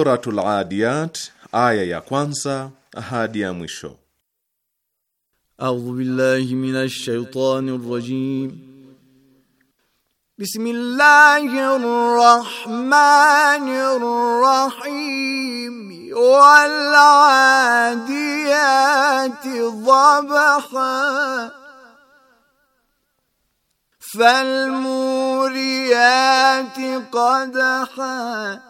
Suratul Adiyat aya ya kwanza hadi ya mwisho. A'udhu billahi minash shaitanir rajim. Bismillahir rahmanir rahim. Wal 'adiyati dhabha. Falmuriyati قدحا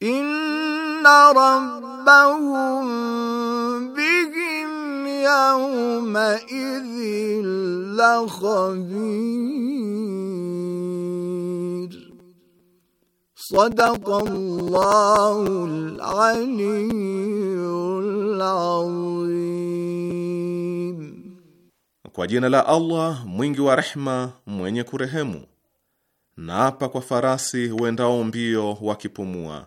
inna rabbahum bihim yawma idhin lakhabir صدق الله العلي العظيم Kwa jina la Allah mwingi wa rehma mwenye kurehemu. Naapa kwa farasi wendao mbio wakipumua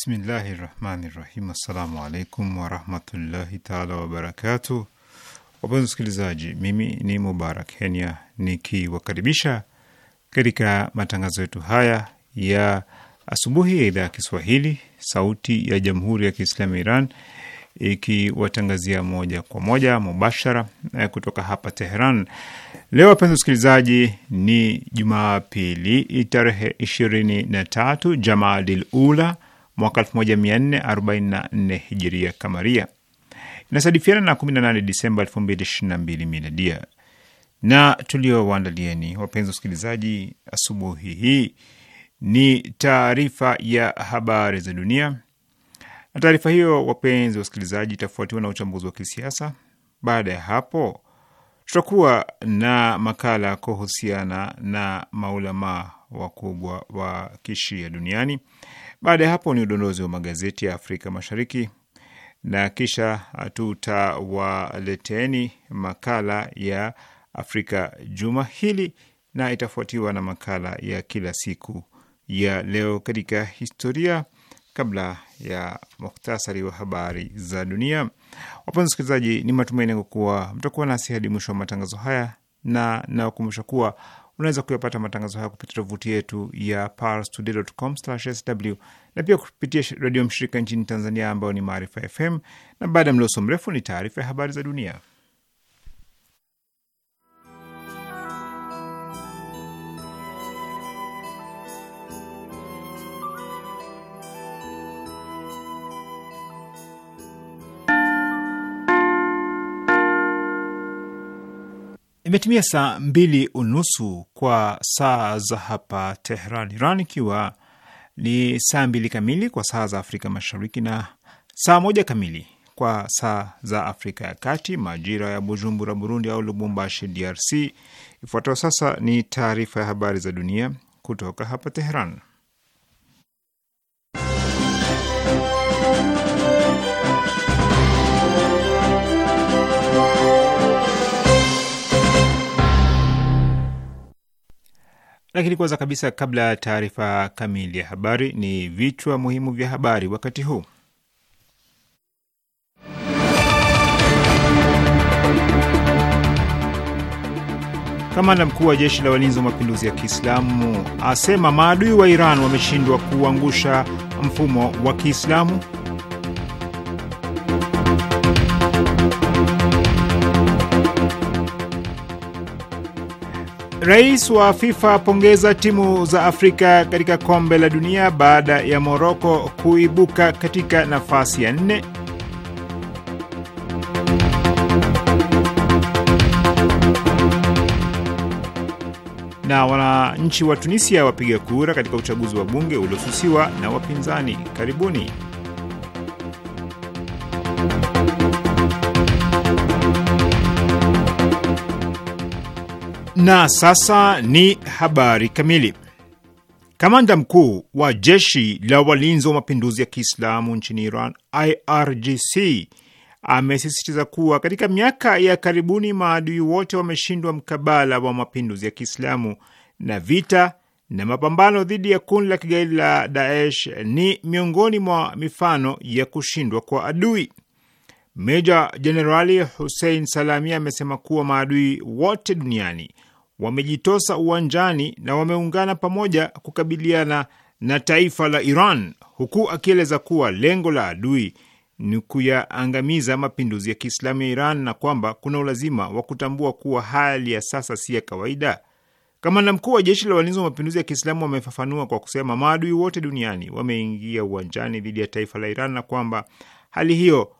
Bismillahi rahmani rahim. Assalamu alaikum warahmatullahi taala wabarakatu. Wapenzi wasikilizaji, mimi ni Mubarak Kenya nikiwakaribisha katika matangazo yetu haya ya asubuhi ya idhaa ya Kiswahili Sauti ya Jamhuri ya Kiislamu Iran ikiwatangazia moja kwa moja mubashara eh, kutoka hapa Teheran. Leo wapenzi wasikilizaji, ni Jumapili tarehe ishirini na tatu Jamaadil Ula mwaka 1444 hijiria kamaria, inasadifiana na 18 Disemba 2022 miladia. Na tuliowaandalieni wapenzi wasikilizaji, asubuhi hii ni taarifa ya habari za dunia, na taarifa hiyo wapenzi wasikilizaji, itafuatiwa na uchambuzi wa kisiasa. Baada ya hapo tutakuwa na makala kuhusiana na maulamaa wakubwa wa kishia duniani. Baada ya hapo ni udondozi wa magazeti ya Afrika Mashariki, na kisha uh, tutawaleteni makala ya Afrika juma hili, na itafuatiwa na makala ya kila siku ya leo katika historia, kabla ya muhtasari wa habari za dunia. Wapenzi wasikilizaji, ni matumaini yangu kuwa mtakuwa nasi hadi mwisho wa matangazo haya, na nawakumbusha kuwa Unaweza kuyapata matangazo haya kupitia tovuti yetu ya parstoday.com/sw na pia kupitia redio mshirika nchini Tanzania ambayo ni Maarifa FM. Na baada ya mloso mrefu ni taarifa ya habari za dunia Imetimia saa mbili unusu kwa saa za hapa Tehran, Iran, ikiwa ni saa mbili kamili kwa saa za Afrika Mashariki na saa moja kamili kwa saa za Afrika ya Kati, majira ya Bujumbura, Burundi, au Lubumbashi, DRC. Ifuatayo sasa ni taarifa ya habari za dunia kutoka hapa teheran Lakini kwanza kabisa, kabla ya taarifa kamili ya habari, ni vichwa muhimu vya habari wakati huu. Kamanda mkuu wa jeshi la walinzi wa mapinduzi ya Kiislamu asema maadui wa Iran wameshindwa kuangusha mfumo wa Kiislamu. Rais wa FIFA apongeza timu za Afrika katika kombe la dunia baada ya Moroko kuibuka katika nafasi ya nne. Na wananchi wa Tunisia wapiga kura katika uchaguzi wa bunge uliosusiwa na wapinzani. Karibuni. Na sasa ni habari kamili. Kamanda mkuu wa jeshi la walinzi wa mapinduzi ya Kiislamu nchini Iran, IRGC, amesisitiza kuwa katika miaka ya karibuni maadui wote wameshindwa mkabala wa mapinduzi ya Kiislamu na vita na mapambano dhidi ya kundi la kigaidi la Daesh ni miongoni mwa mifano ya kushindwa kwa adui. Meja Jenerali Hussein Salami amesema kuwa maadui wote duniani wamejitosa uwanjani na wameungana pamoja kukabiliana na taifa la Iran, huku akieleza kuwa lengo la adui ni kuyaangamiza mapinduzi ya Kiislamu ya Iran na kwamba kuna ulazima wa kutambua kuwa hali ya sasa si ya kawaida. Kamanda mkuu wa jeshi la walinzi wa mapinduzi ya Kiislamu wamefafanua kwa kusema maadui wote duniani wameingia uwanjani dhidi ya taifa la Iran na kwamba hali hiyo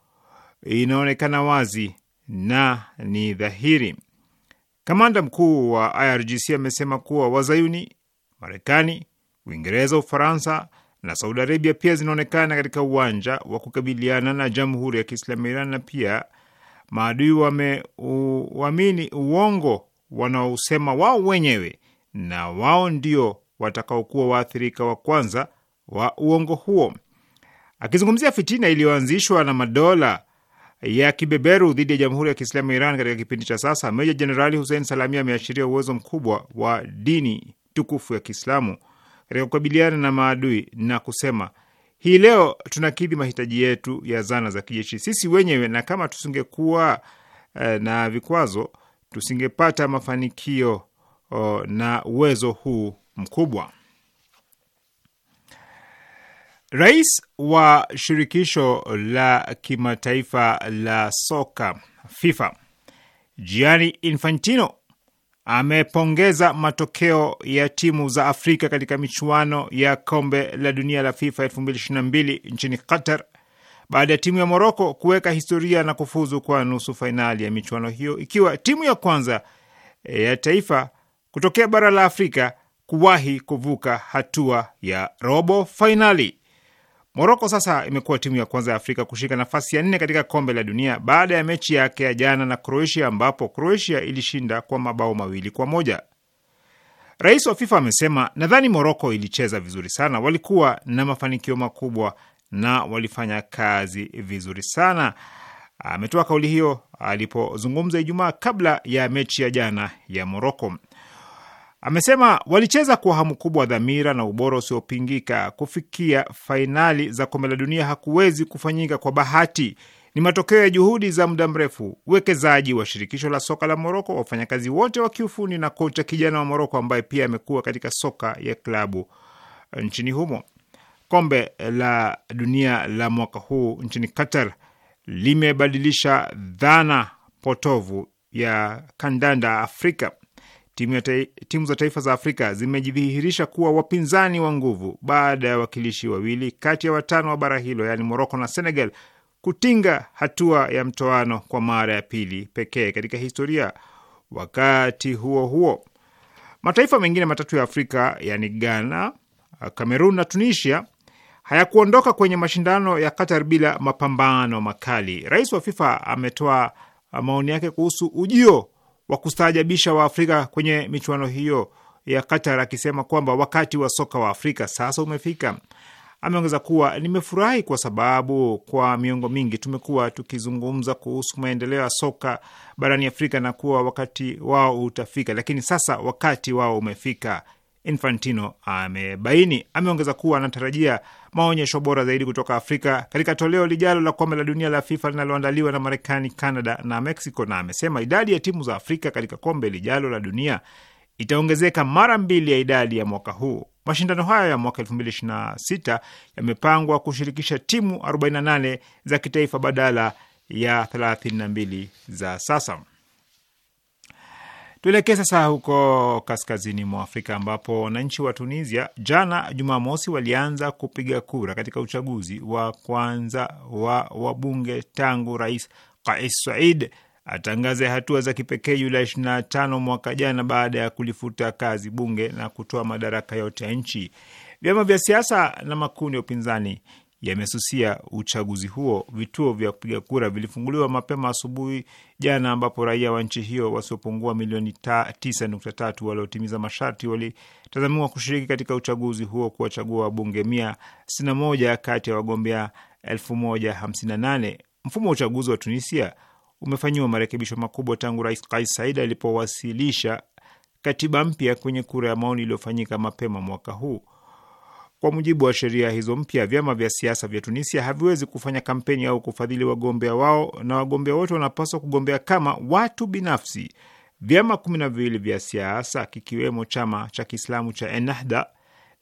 inaonekana wazi na ni dhahiri. Kamanda mkuu wa IRGC amesema kuwa Wazayuni, Marekani, Uingereza, Ufaransa na Saudi Arabia pia zinaonekana katika uwanja wa kukabiliana na Jamhuri ya Kiislamu Iran na pia maadui wameuamini uongo wanaosema wao wenyewe na wao ndio watakaokuwa waathirika wa kwanza wa uongo huo. Akizungumzia fitina iliyoanzishwa na madola ya kibeberu dhidi ya Jamhuri ya Kiislamu ya Iran katika kipindi cha sasa, Meja Jenerali Hussein Salami ameashiria uwezo mkubwa wa dini tukufu ya Kiislamu katika kukabiliana na maadui na kusema, hii leo tunakidhi mahitaji yetu ya zana za kijeshi sisi wenyewe, na kama tusingekuwa eh, na vikwazo tusingepata mafanikio oh, na uwezo huu mkubwa. Rais wa shirikisho la kimataifa la soka FIFA Gianni Infantino amepongeza matokeo ya timu za Afrika katika michuano ya kombe la dunia la FIFA 2022 nchini Qatar baada ya timu ya Moroko kuweka historia na kufuzu kwa nusu fainali ya michuano hiyo, ikiwa timu ya kwanza eh, ya taifa kutokea bara la Afrika kuwahi kuvuka hatua ya robo fainali. Moroko sasa imekuwa timu ya kwanza ya Afrika kushika nafasi ya nne katika kombe la dunia baada ya mechi yake ya jana na Croatia, ambapo Croatia ilishinda kwa mabao mawili kwa moja. Rais wa FIFA amesema, nadhani Moroko ilicheza vizuri sana, walikuwa na mafanikio makubwa na walifanya kazi vizuri sana. Ametoa kauli hiyo alipozungumza Ijumaa kabla ya mechi ya jana ya Moroko. Amesema walicheza kwa hamu kubwa, dhamira na ubora usiopingika. Kufikia fainali za kombe la dunia hakuwezi kufanyika kwa bahati, ni matokeo ya juhudi za muda mrefu, uwekezaji wa shirikisho la soka la Moroko, wafanyakazi wote wa kiufundi na kocha kijana wa Moroko ambaye pia amekuwa katika soka ya klabu nchini humo. Kombe la dunia la mwaka huu nchini Qatar limebadilisha dhana potovu ya kandanda Afrika timu, ta timu za taifa za Afrika zimejidhihirisha kuwa wapinzani wa nguvu baada ya wawakilishi wawili kati ya watano wa bara hilo, yaani Moroko na Senegal, kutinga hatua ya mtoano kwa mara ya pili pekee katika historia. Wakati huo huo, mataifa mengine matatu ya Afrika yaani Ghana, Kamerun na Tunisia hayakuondoka kwenye mashindano ya Qatar bila mapambano makali. Rais wa FIFA ametoa maoni yake kuhusu ujio wa kustaajabisha wa Afrika kwenye michuano hiyo ya Qatar akisema kwamba wakati wa soka wa Afrika sasa umefika. Ameongeza kuwa nimefurahi kwa sababu kwa miongo mingi tumekuwa tukizungumza kuhusu maendeleo ya soka barani Afrika na kuwa wakati wao utafika, lakini sasa wakati wao umefika. Infantino amebaini. Ameongeza kuwa anatarajia maonyesho bora zaidi kutoka Afrika katika toleo lijalo la kombe la dunia la FIFA linaloandaliwa na Marekani, Canada na Mexico, na amesema idadi ya timu za Afrika katika kombe lijalo la dunia itaongezeka mara mbili ya idadi ya mwaka huu. Mashindano hayo ya mwaka 2026 yamepangwa kushirikisha timu 48 za kitaifa badala ya 32 za sasa. Tuelekee sasa huko kaskazini mwa Afrika ambapo wananchi wa Tunisia jana Jumamosi walianza kupiga kura katika uchaguzi wa kwanza wa wabunge tangu Rais Kais said atangaze hatua za kipekee Yula 25 mwaka jana, baada ya kulifuta kazi bunge na kutoa madaraka yote ya nchi. Vyama vya siasa na makundi ya upinzani yamesusia uchaguzi huo. Vituo vya kupiga kura vilifunguliwa mapema asubuhi jana, ambapo raia wa nchi hiyo wasiopungua milioni 9.3 waliotimiza masharti walitazamiwa kushiriki katika uchaguzi huo kuwachagua wabunge 161 kati ya wagombea 1058. Mfumo wa uchaguzi wa Tunisia umefanyiwa marekebisho makubwa tangu Rais Kais Said alipowasilisha katiba mpya kwenye kura ya maoni iliyofanyika mapema mwaka huu. Kwa mujibu wa sheria hizo mpya, vyama vya siasa vya Tunisia haviwezi kufanya kampeni au kufadhili wagombea wao, na wagombea wote wanapaswa kugombea kama watu binafsi. Vyama kumi na viwili vya siasa kikiwemo chama cha Kiislamu cha Ennahda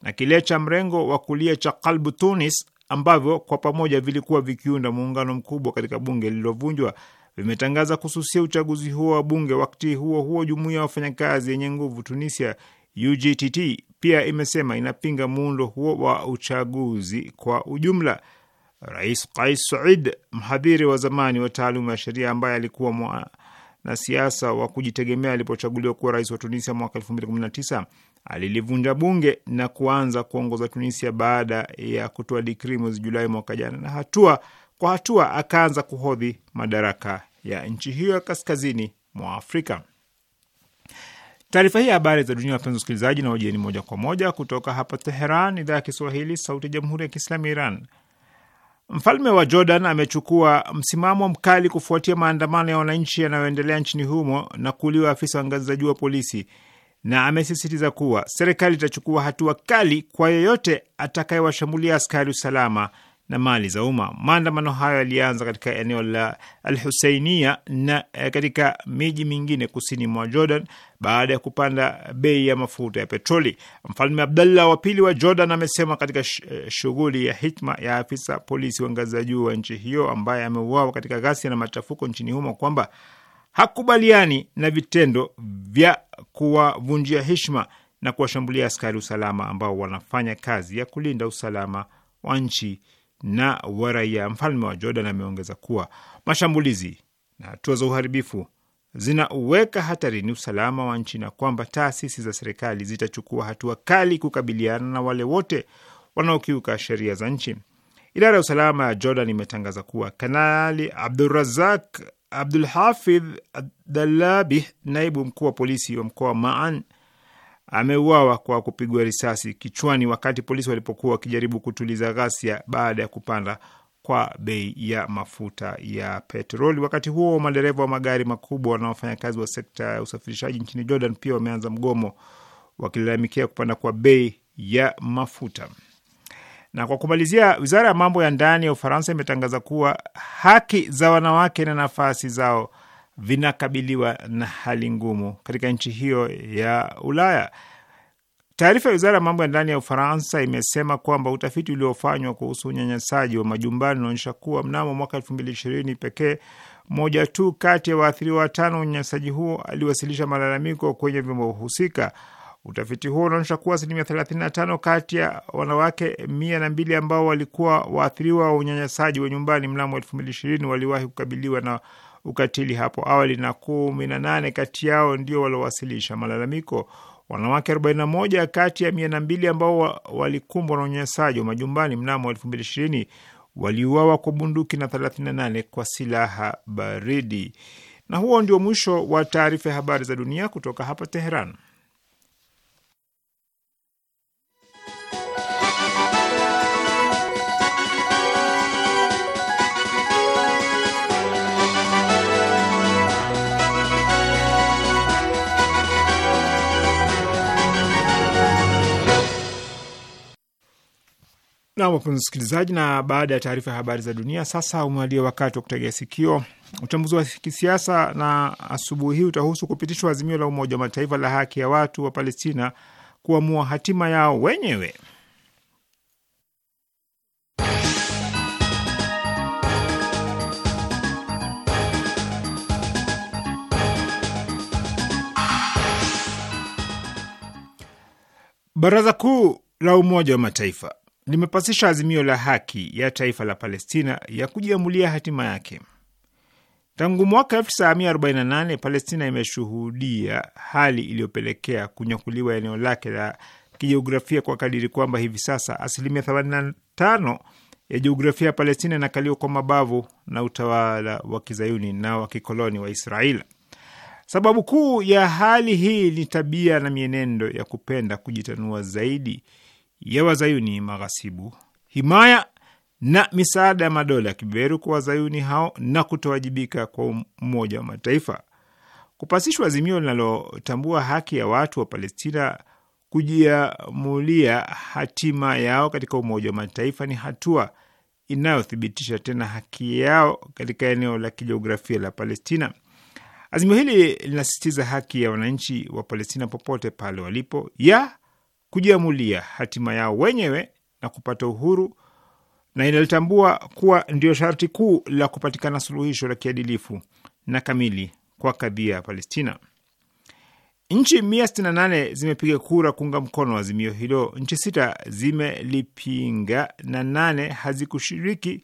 na kile cha mrengo wa kulia cha Qalbu Tunis ambavyo kwa pamoja vilikuwa vikiunda muungano mkubwa katika bunge lililovunjwa vimetangaza kususia uchaguzi huo wa bunge. Wakati huo huo, jumuiya ya wafanyakazi yenye nguvu Tunisia UGTT pia imesema inapinga muundo huo wa uchaguzi kwa ujumla. Rais Kais Said, mhadhiri wa zamani wa taaluma ya sheria, ambaye alikuwa mwanasiasa wa kujitegemea, alipochaguliwa kuwa rais wa Tunisia mwaka 2019 alilivunja bunge na kuanza kuongoza Tunisia baada ya kutoa dikrii mwezi Julai mwaka jana, na hatua kwa hatua akaanza kuhodhi madaraka ya nchi hiyo ya kaskazini mwa Afrika. Taarifa hii ya habari za dunia, wapenzi wasikilizaji, na wajieni moja kwa moja kutoka hapa Teheran, idhaa ya Kiswahili, sauti ya jamhuri ya kiislamu ya Iran. Mfalme wa Jordan amechukua msimamo mkali kufuatia maandamano ya wananchi yanayoendelea nchini humo na kuuliwa afisa wa ngazi za juu wa polisi, na amesisitiza kuwa serikali itachukua hatua kali kwa yeyote atakayewashambulia askari usalama na mali za umma. Maandamano hayo yalianza katika eneo la Al Husainia na eh, katika miji mingine kusini mwa Jordan baada ya kupanda bei ya mafuta ya petroli. Mfalme Abdallah wa pili wa Jordan amesema katika eh, shughuli ya hitma ya afisa polisi wa ngazi za juu wa nchi hiyo ambaye ameuawa katika ghasia na machafuko nchini humo kwamba hakubaliani na vitendo vya kuwavunjia heshima na kuwashambulia askari usalama ambao wanafanya kazi ya kulinda usalama wa nchi na waraia. Mfalme wa Jordan ameongeza kuwa mashambulizi na hatua za uharibifu zinauweka hatarini usalama wa nchi na kwamba taasisi za serikali zitachukua hatua kali kukabiliana na wale wote wanaokiuka sheria za nchi. Idara ya usalama ya Jordan imetangaza kuwa Kanali Abdurazak Abdul Hafidh Dalabih, naibu mkuu wa polisi wa mkoa Maan ameuawa kwa kupigwa risasi kichwani wakati polisi walipokuwa wakijaribu kutuliza ghasia baada ya kupanda kwa bei ya mafuta ya petroli. Wakati huo madereva wa magari makubwa na wafanyakazi wa sekta ya usafirishaji nchini Jordan pia wameanza mgomo wakilalamikia kupanda kwa bei ya mafuta. Na kwa kumalizia, wizara ya mambo ya ndani ya Ufaransa imetangaza kuwa haki za wanawake na nafasi zao vinakabiliwa na hali ngumu katika nchi hiyo ya Ulaya. Taarifa ya wizara ya mambo ya ndani ya Ufaransa imesema kwamba utafiti uliofanywa kuhusu unyanyasaji wa majumbani unaonyesha kuwa mnamo mwaka elfu mbili ishirini pekee moja tu kati ya waathiriwa watano wa unyanyasaji huo aliwasilisha malalamiko kwenye vyombo husika. Utafiti huo unaonyesha kuwa asilimia 35 kati ya wanawake mia na mbili ambao walikuwa waathiriwa wa unyanyasaji wa nyumbani mnamo elfu mbili ishirini waliwahi kukabiliwa na ukatili hapo awali na kumi na nane kati yao ndio waliowasilisha malalamiko. Wanawake 41 kati ya mia na mbili ambao wa, walikumbwa na unyanyasaji wa majumbani mnamo 2020 waliuawa kwa bunduki na 38 kwa silaha baridi. Na huo ndio mwisho wa taarifa ya habari za dunia kutoka hapa Teheran. Nam wapenzi msikilizaji, na baada ya taarifa ya habari za dunia, sasa umewadia wakati wa kutegea sikio uchambuzi wa kisiasa, na asubuhi hii utahusu kupitishwa azimio la Umoja wa Mataifa la haki ya watu wa Palestina kuamua hatima yao wenyewe. Baraza Kuu la Umoja wa Mataifa limepasisha azimio la haki ya taifa la Palestina ya kujiamulia hatima yake. Tangu mwaka 1948 Palestina imeshuhudia hali iliyopelekea kunyakuliwa eneo lake la kijiografia kwa kadiri kwamba hivi sasa asilimia 85 ya jiografia ya Palestina inakaliwa kwa mabavu na utawala wa kizayuni na wa kikoloni wa Israel. Sababu kuu ya hali hii ni tabia na mienendo ya kupenda kujitanua zaidi ya wazayuni maghasibu, himaya na misaada ya madola ya kibeberu kwa wazayuni hao na kutowajibika kwa Umoja wa Mataifa. Kupasishwa azimio linalotambua haki ya watu wa Palestina kujiamulia hatima yao katika Umoja wa Mataifa ni hatua inayothibitisha tena haki yao katika eneo la kijiografia la Palestina. Azimio hili linasisitiza haki ya wananchi wa Palestina popote pale walipo ya kujiamulia hatima yao wenyewe na kupata uhuru na inalitambua kuwa ndio sharti kuu la kupatikana suluhisho la kiadilifu na kamili kwa kadhia ya Palestina. Nchi mia na nane zimepiga kura kuunga mkono azimio hilo, nchi sita zimelipinga na nane hazikushiriki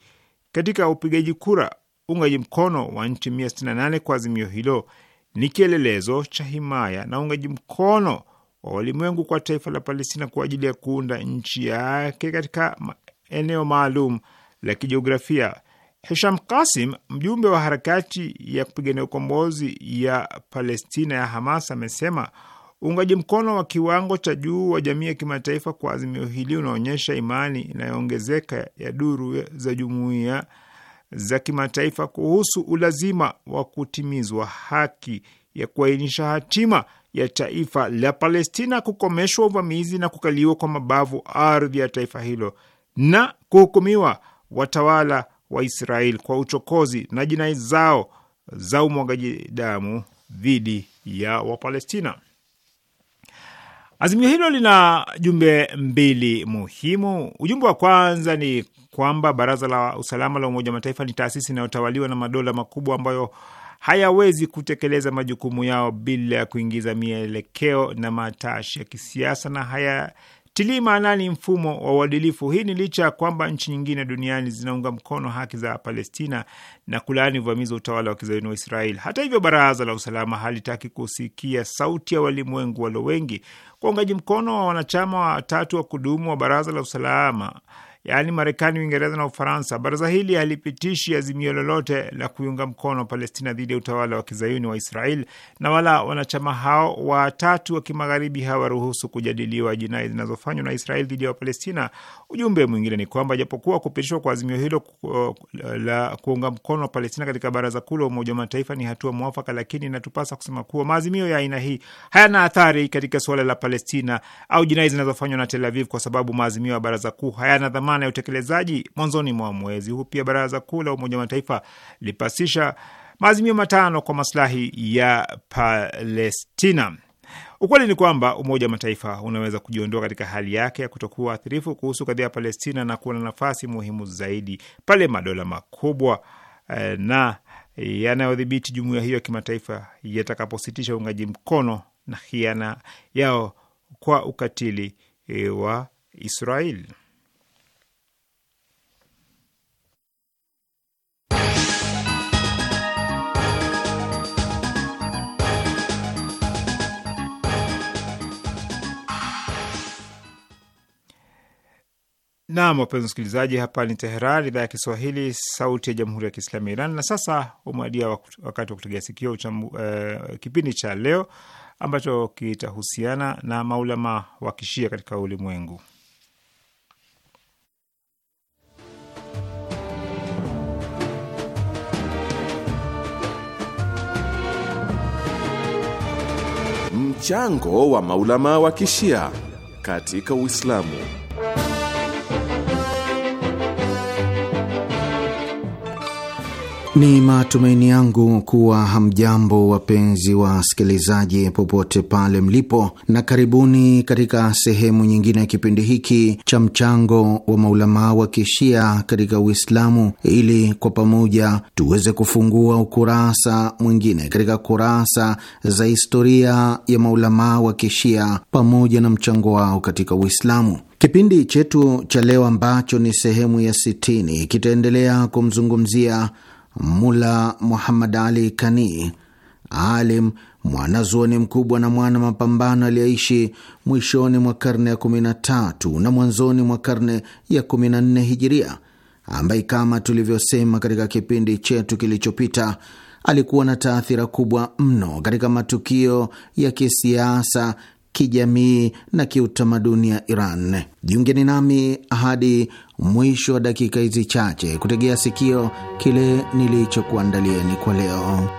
katika upigaji kura. Uungaji mkono wa nchi mia na nane kwa azimio hilo ni kielelezo cha himaya na uungaji mkono wa walimwengu kwa taifa la Palestina kwa ajili ya kuunda nchi yake katika eneo maalum la kijiografia. Hisham Kasim, mjumbe wa harakati ya kupigania ukombozi ya Palestina ya Hamas, amesema uungaji mkono wa kiwango cha juu wa jamii ya kimataifa kwa azimio hili unaonyesha imani inayoongezeka ya duru za jumuiya za kimataifa kuhusu ulazima wa kutimizwa haki ya kuainisha hatima ya taifa la Palestina, kukomeshwa uvamizi na kukaliwa kwa mabavu ardhi ya taifa hilo na kuhukumiwa watawala wa Israeli kwa uchokozi na jinai zao za umwagaji damu dhidi ya Wapalestina. Azimio hilo lina jumbe mbili muhimu. Ujumbe wa kwanza ni kwamba Baraza la Usalama la Umoja wa Mataifa ni taasisi inayotawaliwa na madola makubwa ambayo hayawezi kutekeleza majukumu yao bila ya kuingiza mielekeo na matashi ya kisiasa na hayatilii maanani mfumo wa uadilifu. Hii ni licha ya kwamba nchi nyingine duniani zinaunga mkono haki za Palestina na kulaani uvamizi wa utawala wa kizayuni wa Israeli. Hata hivyo, baraza la usalama halitaki kusikia sauti ya walimwengu walio wengi kwa uungaji mkono wa wanachama watatu wa kudumu wa baraza la usalama yaani Marekani, Uingereza na Ufaransa. Baraza hili halipitishi azimio lolote la kuiunga mkono Palestina dhidi ya utawala wa kizayuni wa Israel, na wala wanachama hao watatu wa kimagharibi hawaruhusu kujadiliwa jinai zinazofanywa na Israel dhidi ya Wapalestina. Ujumbe mwingine ni kwamba japokuwa kupitishwa kwa azimio hilo uh, la kuunga mkono wa Palestina katika Baraza Kuu la Umoja wa Mataifa ni hatua mwafaka, lakini inatupasa kusema kuwa maazimio ya aina hii hayana athari katika suala la Palestina au jinai zinazofanywa na Tel Aviv, kwa sababu maazimio ya Baraza Kuu hayana dhamana dhamana ya utekelezaji mwanzoni mwa mwezi huu. Pia baraza kuu la Umoja wa Mataifa lipasisha maazimio matano kwa maslahi ya Palestina. Ukweli ni kwamba Umoja wa Mataifa unaweza kujiondoa katika hali yake ya kutokuwa athirifu kuhusu kadhia ya Palestina na kuwa na nafasi muhimu zaidi pale madola makubwa eh, na yanayodhibiti jumuiya hiyo ya kimataifa yatakapositisha uungaji mkono na hiana yao kwa ukatili eh, wa Israeli. Naam, wapenzi msikilizaji, hapa ni Teheran, idhaa ya Kiswahili, sauti ya jamhuri ya kiislamu ya Iran. Na sasa umewadia wakati wa kutegea sikio uh, kipindi cha leo ambacho kitahusiana na maulama wa kishia katika ulimwengu. Mchango wa maulama wa kishia katika Uislamu. Ni matumaini yangu kuwa hamjambo wapenzi wa wasikilizaji, popote pale mlipo, na karibuni katika sehemu nyingine ya kipindi hiki cha mchango wa maulamaa wa kishia katika Uislamu, ili kwa pamoja tuweze kufungua ukurasa mwingine katika kurasa za historia ya maulamaa wa kishia pamoja na mchango wao katika Uislamu. Kipindi chetu cha leo ambacho ni sehemu ya sitini kitaendelea kumzungumzia Mula Muhammad Ali Kani, alim mwanazuoni mkubwa na mwana mapambano aliyeishi mwishoni mwa karne ya 13 na mwanzoni mwa karne ya 14 Hijiria, ambaye kama tulivyosema katika kipindi chetu kilichopita alikuwa na taathira kubwa mno katika matukio ya kisiasa, kijamii na kiutamaduni ya Iran. Jiungeni nami hadi mwisho wa dakika hizi chache kutegea sikio kile nilichokuandalieni kwa leo.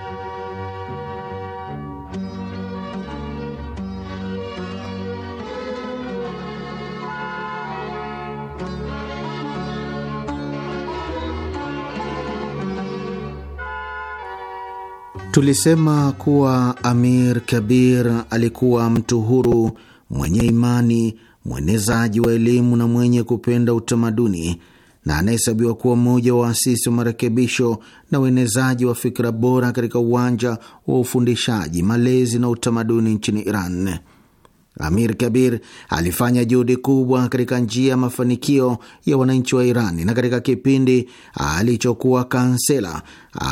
Tulisema kuwa Amir Kabir alikuwa mtu huru mwenye imani mwenezaji wa elimu na mwenye kupenda utamaduni na anahesabiwa kuwa mmoja wa waasisi wa marekebisho na uenezaji wa fikra bora katika uwanja wa ufundishaji, malezi na utamaduni nchini Iran. Amir Kabir alifanya juhudi kubwa katika njia ya mafanikio ya wananchi wa Irani, na katika kipindi alichokuwa kansela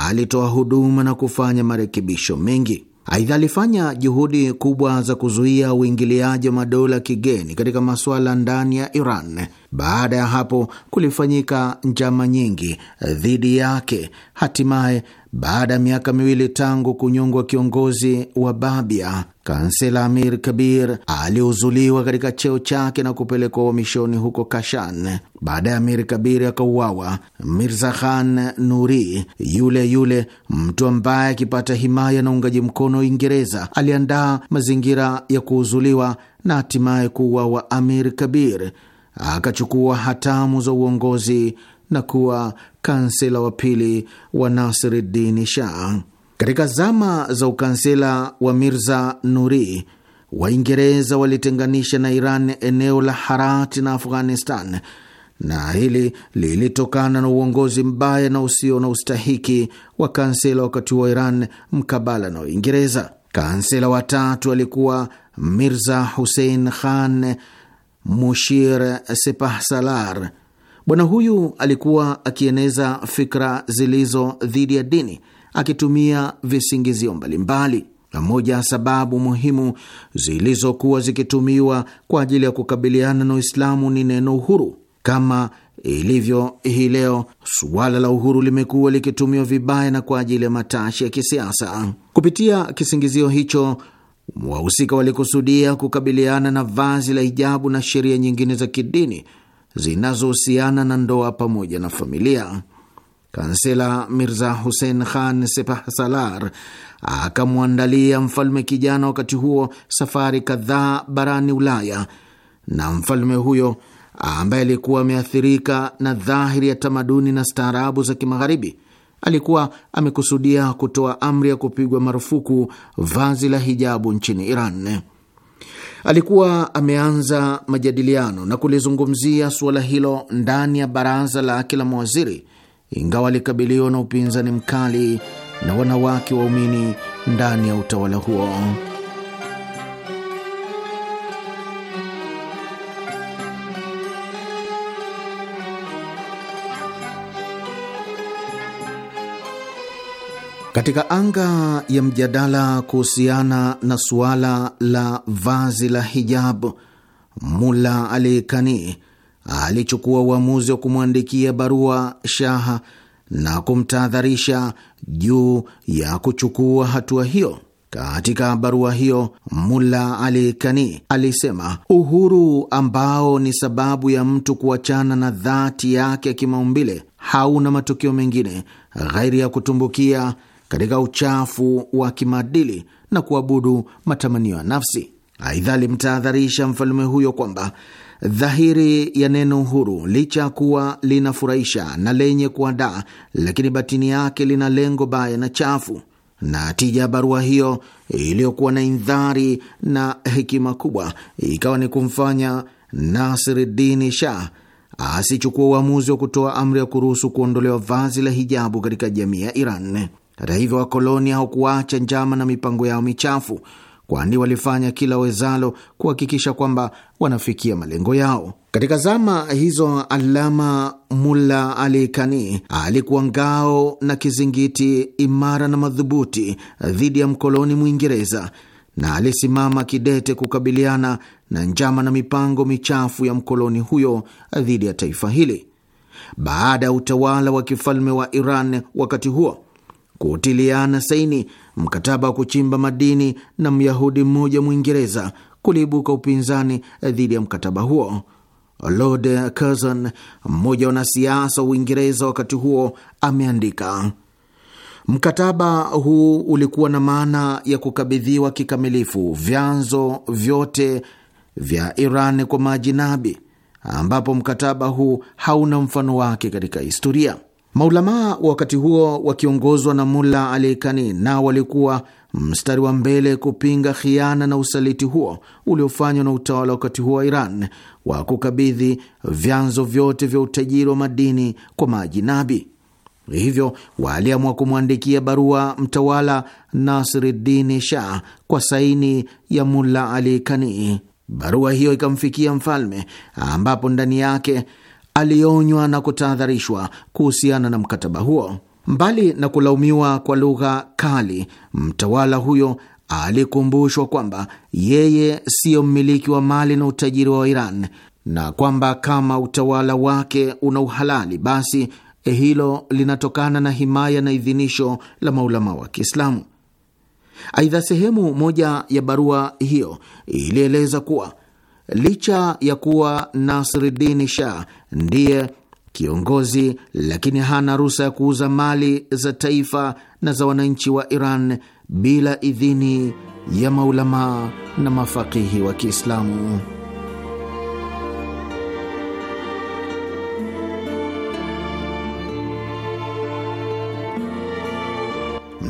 alitoa huduma na kufanya marekebisho mengi. Aidha, alifanya juhudi kubwa za kuzuia uingiliaji wa madola kigeni katika masuala ndani ya Iran. Baada ya hapo kulifanyika njama nyingi dhidi yake. Hatimaye baada ya miaka miwili tangu kunyongwa kiongozi wa Babia, kansela Amir Kabir aliuzuliwa katika cheo chake na kupelekwa uhamishoni huko Kashan. Baada ya Amir Kabir akauawa, Mirza Khan Nuri, yule yule mtu ambaye akipata himaya na uungaji mkono Uingereza, aliandaa mazingira ya kuuzuliwa na hatimaye kuuawa Amir Kabir, akachukua hatamu za uongozi na kuwa kansela wa pili wa Nasiruddin Shah. Katika zama za ukansela wa Mirza Nuri, Waingereza walitenganisha na Iran eneo la Harati na Afghanistan, na hili lilitokana na uongozi mbaya na usio na ustahiki wa kansela wakati wa Iran mkabala na Uingereza. Kansela watatu alikuwa Mirza Hussein Khan Mushir Sepahsalar Bwana huyu alikuwa akieneza fikra zilizo dhidi ya dini akitumia visingizio mbalimbali. Moja ya sababu muhimu zilizokuwa zikitumiwa kwa ajili ya kukabiliana na Uislamu ni neno uhuru. Kama ilivyo hii leo, suala la uhuru limekuwa likitumiwa vibaya na kwa ajili ya matashi ya kisiasa. Kupitia kisingizio hicho, wahusika walikusudia kukabiliana na vazi la hijabu na sheria nyingine za kidini zinazohusiana na ndoa pamoja na familia. Kansela Mirza Hussein Khan Sepahsalar akamwandalia mfalme kijana wakati huo safari kadhaa barani Ulaya, na mfalme huyo ambaye alikuwa ameathirika na dhahiri ya tamaduni na staarabu za Kimagharibi alikuwa amekusudia kutoa amri ya kupigwa marufuku vazi la hijabu nchini Iran. Alikuwa ameanza majadiliano na kulizungumzia suala hilo ndani ya baraza lake la mawaziri, ingawa alikabiliwa na upinzani mkali na wanawake waumini ndani ya utawala huo. Katika anga ya mjadala kuhusiana na suala la vazi la hijab, Mula Ali Kani alichukua uamuzi wa kumwandikia barua shaha na kumtahadharisha juu ya kuchukua hatua hiyo. Katika barua hiyo Mulla Ali Kani alisema uhuru ambao ni sababu ya mtu kuachana na dhati yake ya kimaumbile hauna matukio mengine ghairi ya kutumbukia katika uchafu wa kimaadili na kuabudu matamanio ya nafsi. Aidha, alimtahadharisha mfalme huyo kwamba dhahiri ya neno uhuru licha ya kuwa linafurahisha na lenye kuandaa, lakini batini yake lina lengo baya na chafu. Na tija ya barua hiyo iliyokuwa na indhari na hekima kubwa ikawa ni kumfanya Nasiruddin Shah asichukua uamuzi wa kutoa amri ya kuruhusu kuondolewa vazi la hijabu katika jamii ya Iran. Hata hivyo, wakoloni hawakuacha njama na mipango yao michafu, kwani walifanya kila wezalo kuhakikisha kwamba wanafikia malengo yao. Katika zama hizo, Alama Mulla Ali Kani alikuwa ngao na kizingiti imara na madhubuti dhidi ya mkoloni Mwingereza na alisimama kidete kukabiliana na njama na mipango michafu ya mkoloni huyo dhidi ya taifa hili. Baada ya utawala wa kifalme wa Iran wakati huo kutiliana saini mkataba wa kuchimba madini na Myahudi mmoja Mwingereza, kuliibuka upinzani dhidi ya mkataba huo. Lord Curzon, mmoja wa wanasiasa wa Uingereza wakati huo, ameandika Mkataba huu ulikuwa na maana ya kukabidhiwa kikamilifu vyanzo vyote vya Iran kwa majinabi, ambapo mkataba huu hauna mfano wake katika historia. Maulamaa wa wakati huo wakiongozwa na Mulla Ali Kani nao walikuwa mstari wa mbele kupinga khiana na usaliti huo uliofanywa na utawala wakati huo wa Iran wa kukabidhi vyanzo vyote vya utajiri wa madini kwa nabi Hivyo waliamua kumwandikia barua mtawala Nasiruddin Shah kwa saini ya Mulla Ali Kani. Barua hiyo ikamfikia mfalme, ambapo ndani yake alionywa na kutahadharishwa kuhusiana na mkataba huo. Mbali na kulaumiwa kwa lugha kali, mtawala huyo alikumbushwa kwamba yeye siyo mmiliki wa mali na utajiri wa Iran na kwamba kama utawala wake una uhalali basi eh, hilo linatokana na himaya na idhinisho la maulama wa Kiislamu. Aidha, sehemu moja ya barua hiyo ilieleza kuwa licha ya kuwa Nasridini Shah ndiye kiongozi, lakini hana ruhusa ya kuuza mali za taifa na za wananchi wa Iran bila idhini ya maulamaa na mafakihi wa Kiislamu.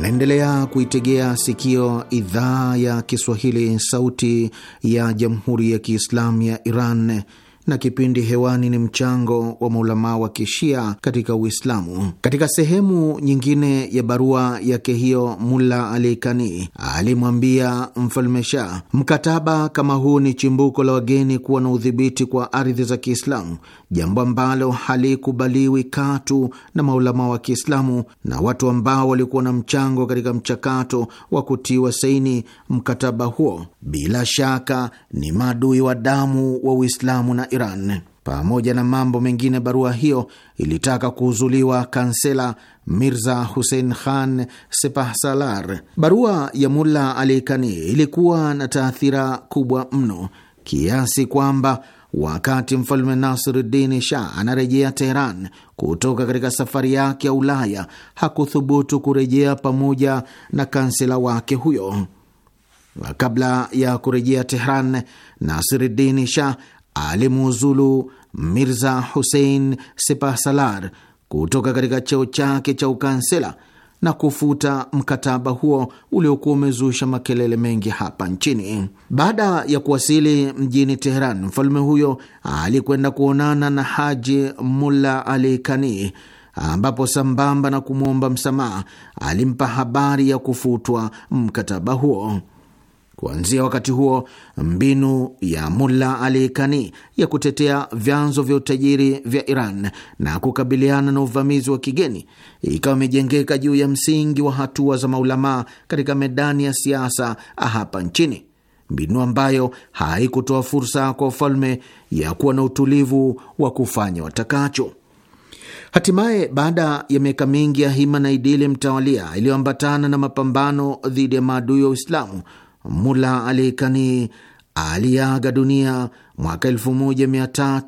Mnaendelea kuitegea sikio idhaa ya Kiswahili, sauti ya jamhuri ya kiislamu ya Iran na kipindi hewani ni mchango wa maulamaa wa kishia katika Uislamu. Katika sehemu nyingine ya barua yake hiyo, Mulla Alikani alimwambia mfalme Shah, mkataba kama huu ni chimbuko la wageni kuwa na udhibiti kwa ardhi za Kiislamu, jambo ambalo halikubaliwi katu na maulamaa wa Kiislamu na watu ambao walikuwa na mchango katika mchakato wa kutiwa saini mkataba huo, bila shaka ni maadui wa damu wa Uislamu na Iran. Pamoja na mambo mengine, barua hiyo ilitaka kuuzuliwa kansela Mirza Hussein Khan Sepahsalar. Barua ya Mulla Ali Kani ilikuwa na taathira kubwa mno kiasi kwamba wakati mfalme Nasiruddin Shah anarejea Teheran kutoka katika safari yake ya Ulaya hakuthubutu kurejea pamoja na kansela wake huyo. Kabla ya kurejea Tehran, Nasiruddin Shah alimuuzulu Mirza Hussein Sepahsalar kutoka katika cheo chake cha ukansela na kufuta mkataba huo uliokuwa umezusha makelele mengi hapa nchini. Baada ya kuwasili mjini Teheran, mfalme huyo alikwenda kuonana na Haji Mulla Ali Kani, ambapo sambamba na kumwomba msamaha alimpa habari ya kufutwa mkataba huo. Kuanzia wakati huo mbinu ya Mulla Ali Kani ya kutetea vyanzo vya utajiri vya Iran na kukabiliana na uvamizi wa kigeni ikawa imejengeka juu ya msingi wa hatua za maulamaa katika medani ya siasa hapa nchini, mbinu ambayo haikutoa fursa kwa ufalme ya kuwa na utulivu wa kufanya watakacho. Hatimaye, baada ya miaka mingi ya hima na idili mtawalia iliyoambatana na mapambano dhidi ya maadui wa Uislamu, Mula Alikani aliaga dunia mwaka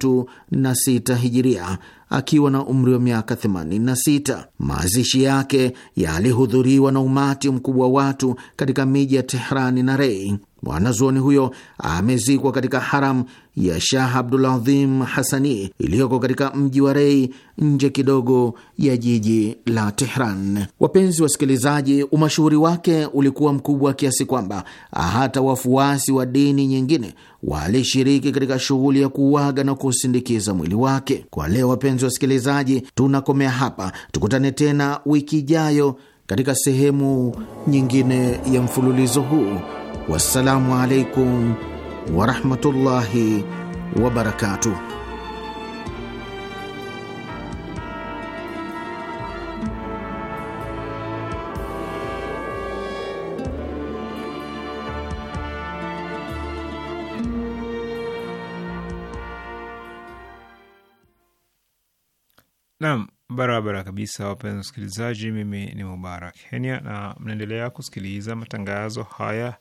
sita hijiria akiwa na umri wa miaka 86. Mazishi yake yalihudhuriwa na umati mkubwa wa watu katika miji ya Tehrani na Rei. Mwanazuoni huyo amezikwa katika haram ya Shah Abdulazim Hasani iliyoko katika mji wa Rei, nje kidogo ya jiji la Tehran. Wapenzi wasikilizaji, umashuhuri wake ulikuwa mkubwa kiasi kwamba hata wafuasi wa dini nyingine walishiriki katika shughuli ya kuuaga na kusindikiza mwili wake. Kwa leo, wapenzi wasikilizaji, tunakomea hapa. Tukutane tena wiki ijayo katika sehemu nyingine ya mfululizo huu. Wassalamu alaikum warahmatullahi wabarakatuh. nam barabara kabisa, wapenzi wasikilizaji, mimi ni Mubarak Kenya na mnaendelea kusikiliza matangazo haya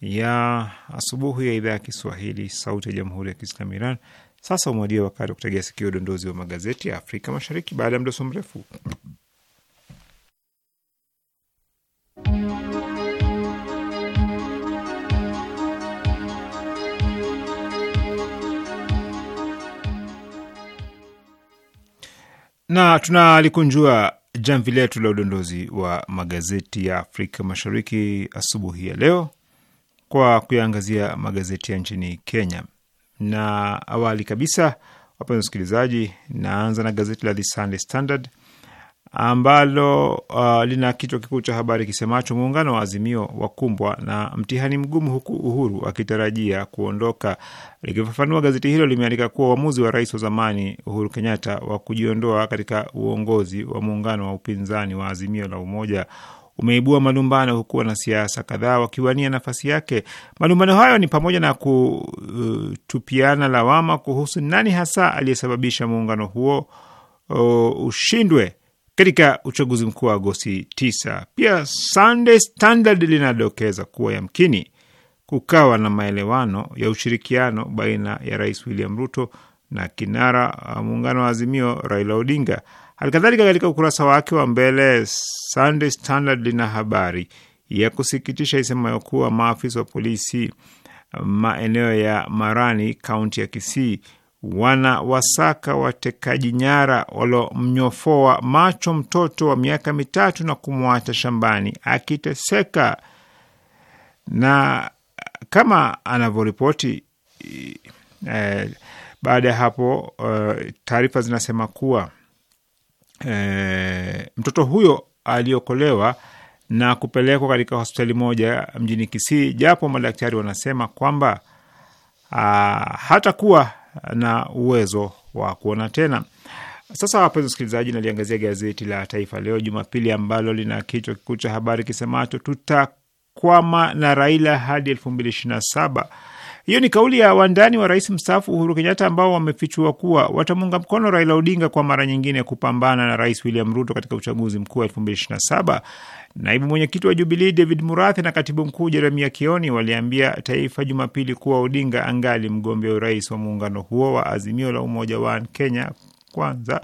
ya asubuhi ya idhaa ya Kiswahili sauti ya jamhuri ya kiislamu Iran. Sasa umewadia wakati wa kutegea sikio udondozi wa magazeti ya Afrika Mashariki baada ya mdoso mrefu. na tunalikunjua jamvi letu la udondozi wa magazeti ya Afrika Mashariki asubuhi ya leo kwa kuyaangazia magazeti ya nchini Kenya. Na awali kabisa, wapenzi wasikilizaji, naanza na gazeti la The Sunday Standard ambalo uh, lina kichwa kikuu cha habari kisemacho muungano wa Azimio wakumbwa na mtihani mgumu huku Uhuru akitarajia kuondoka. Likifafanua, gazeti hilo limeandika kuwa uamuzi wa rais wa zamani Uhuru Kenyatta wa kujiondoa katika uongozi wa muungano wa upinzani wa Azimio la Umoja umeibua malumbano, huku wanasiasa kadhaa wakiwania nafasi yake. Malumbano hayo ni pamoja na kutupiana lawama kuhusu nani hasa aliyesababisha muungano huo uh, ushindwe katika uchaguzi mkuu wa Agosti 9. Pia Sunday Standard linadokeza kuwa yamkini kukawa na maelewano ya ushirikiano baina ya Rais William Ruto na kinara muungano wa Azimio Raila Odinga. Halikadhalika, katika ukurasa wake wa mbele Sunday Standard lina habari ya kusikitisha isemayo kuwa maafisa wa polisi maeneo ya Marani, kaunti ya Kisii, wana wasaka watekaji nyara walomnyofoa macho mtoto wa miaka mitatu na kumwacha shambani akiteseka. Na kama anavyoripoti eh, baada ya hapo eh, taarifa zinasema kuwa e, mtoto huyo aliokolewa na kupelekwa katika hospitali moja mjini Kisii, japo madaktari wanasema kwamba ah, hatakuwa na uwezo wa kuona tena. Sasa wapenzi wasikilizaji, naliangazia gazeti la Taifa Leo Jumapili ambalo lina kichwa kikuu cha habari kisemacho tutakwama na Raila hadi elfu mbili ishirini na saba. Hiyo ni kauli ya wandani wa rais mstaafu Uhuru Kenyatta ambao wamefichua kuwa watamuunga mkono Raila Odinga kwa mara nyingine kupambana na Rais William Ruto katika uchaguzi mkuu wa 2027. Naibu mwenyekiti wa Jubilii David Murathi na katibu mkuu Jeremia Kioni waliambia Taifa Jumapili kuwa Odinga angali mgombea urais wa muungano huo wa Azimio la Umoja wa Kenya Kwanza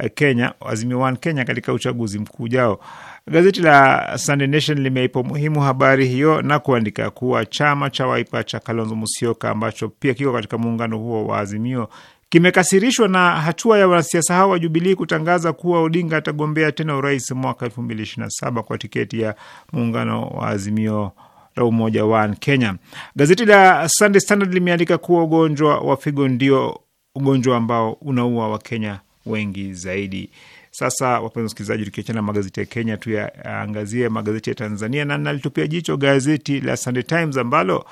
eh, Kenya, Azimio One Kenya katika uchaguzi mkuu ujao. Gazeti la Sunday Nation limeipa umuhimu habari hiyo na kuandika kuwa chama cha Waipa cha Kalonzo Musyoka ambacho pia kiko katika muungano huo wa Azimio kimekasirishwa na hatua ya wanasiasa hao wa Jubilii kutangaza kuwa Odinga atagombea tena urais mwaka 227 kwa tiketi ya muungano wa Azimio la Umoja wa Kenya. Gazeti la Sunday Standard limeandika kuwa ugonjwa wa figo ndio ugonjwa ambao unaua Wakenya wengi zaidi. Sasa wapenzi wasikilizaji, tukiachana magazeti ya Kenya, tuyaangazie magazeti ya Tanzania na nalitupia jicho gazeti la Sunday Times ambalo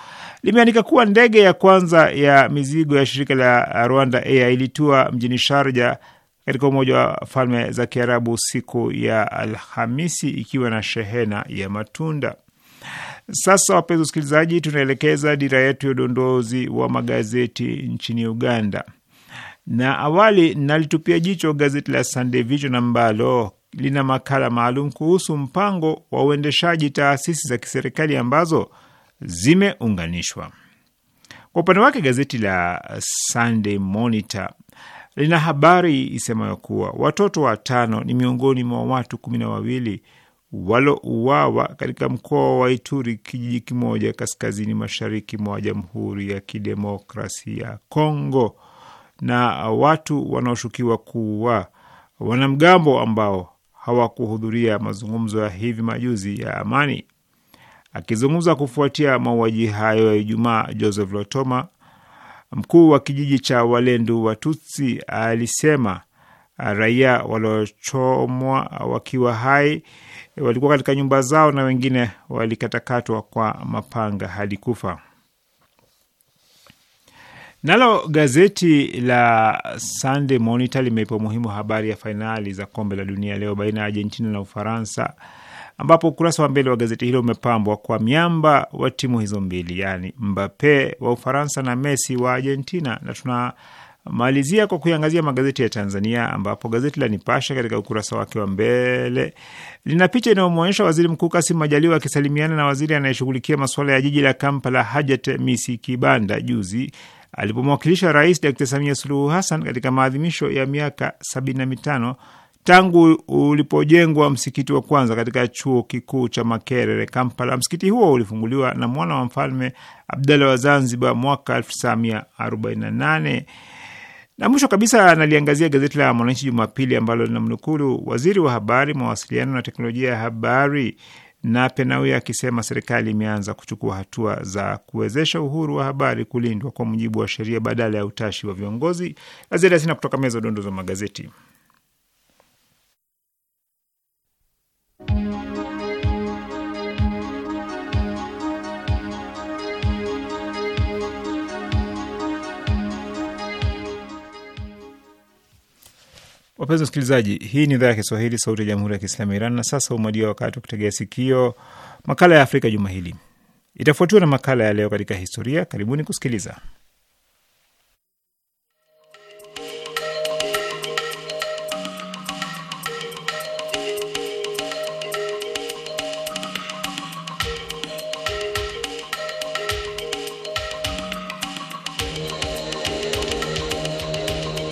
limeandika kuwa ndege ya kwanza ya mizigo ya shirika la Rwanda Air ilitua mjini Sharja katika Umoja wa Falme za Kiarabu siku ya Alhamisi ikiwa na shehena ya matunda. Sasa wapenzi wasikilizaji, tunaelekeza dira yetu ya udondozi wa magazeti nchini Uganda na awali nalitupia jicho gazeti la Sunday Vision ambalo lina makala maalum kuhusu mpango wa uendeshaji taasisi za kiserikali ambazo zimeunganishwa. Kwa upande wake, gazeti la Sunday Monitor lina habari isemayo kuwa watoto watano ni miongoni mwa watu kumi na wawili walouawa katika mkoa wa Ituri, kijiji kimoja kaskazini mashariki mwa Jamhuri ya Kidemokrasia ya Kongo na watu wanaoshukiwa kuwa wanamgambo ambao hawakuhudhuria mazungumzo ya hivi majuzi ya amani. Akizungumza kufuatia mauaji hayo ya Ijumaa, Joseph Lotoma, mkuu wa kijiji cha Walendu Watutsi, alisema raia waliochomwa wakiwa hai walikuwa katika nyumba zao na wengine walikatakatwa kwa mapanga hadi kufa. Nalo gazeti la Sunday Monitor limeipa umuhimu habari ya fainali za kombe la dunia leo baina ya Argentina na Ufaransa, ambapo ukurasa wa mbele wa gazeti hilo umepambwa kwa miamba wa timu hizo mbili, yaani Mbappe wa Ufaransa na Messi wa Argentina. Na tunamalizia kwa kuiangazia magazeti ya Tanzania, ambapo gazeti la Nipashe katika ukurasa wake wa mbele lina picha inayomwonyesha Waziri Mkuu Kasim Majaliwa akisalimiana na waziri anayeshughulikia masuala ya jiji la Kampala Hajat Misi Kibanda juzi alipomwakilisha Rais Dr Samia Suluhu Hassan katika maadhimisho ya miaka 75 tangu ulipojengwa msikiti wa kwanza katika chuo kikuu cha Makerere, Kampala. Msikiti huo ulifunguliwa na mwana wa mfalme Abdalla wa Zanzibar mwaka 1948. Na mwisho kabisa analiangazia gazeti la Mwananchi Jumapili ambalo linamnukulu waziri wa habari, mawasiliano na teknolojia ya habari na Penawi akisema serikali imeanza kuchukua hatua za kuwezesha uhuru wa habari kulindwa kwa mujibu wa sheria badala ya utashi wa viongozi. Lazima sina kutoka meza dondo za magazeti. Wapenzi wasikilizaji, hii ni idhaa ya Kiswahili, sauti ya jamhuri ya kiislamu ya Iran. Na sasa umewadia wakati wa kutegea sikio makala ya Afrika juma hili, itafuatiwa na makala ya leo katika historia. Karibuni kusikiliza.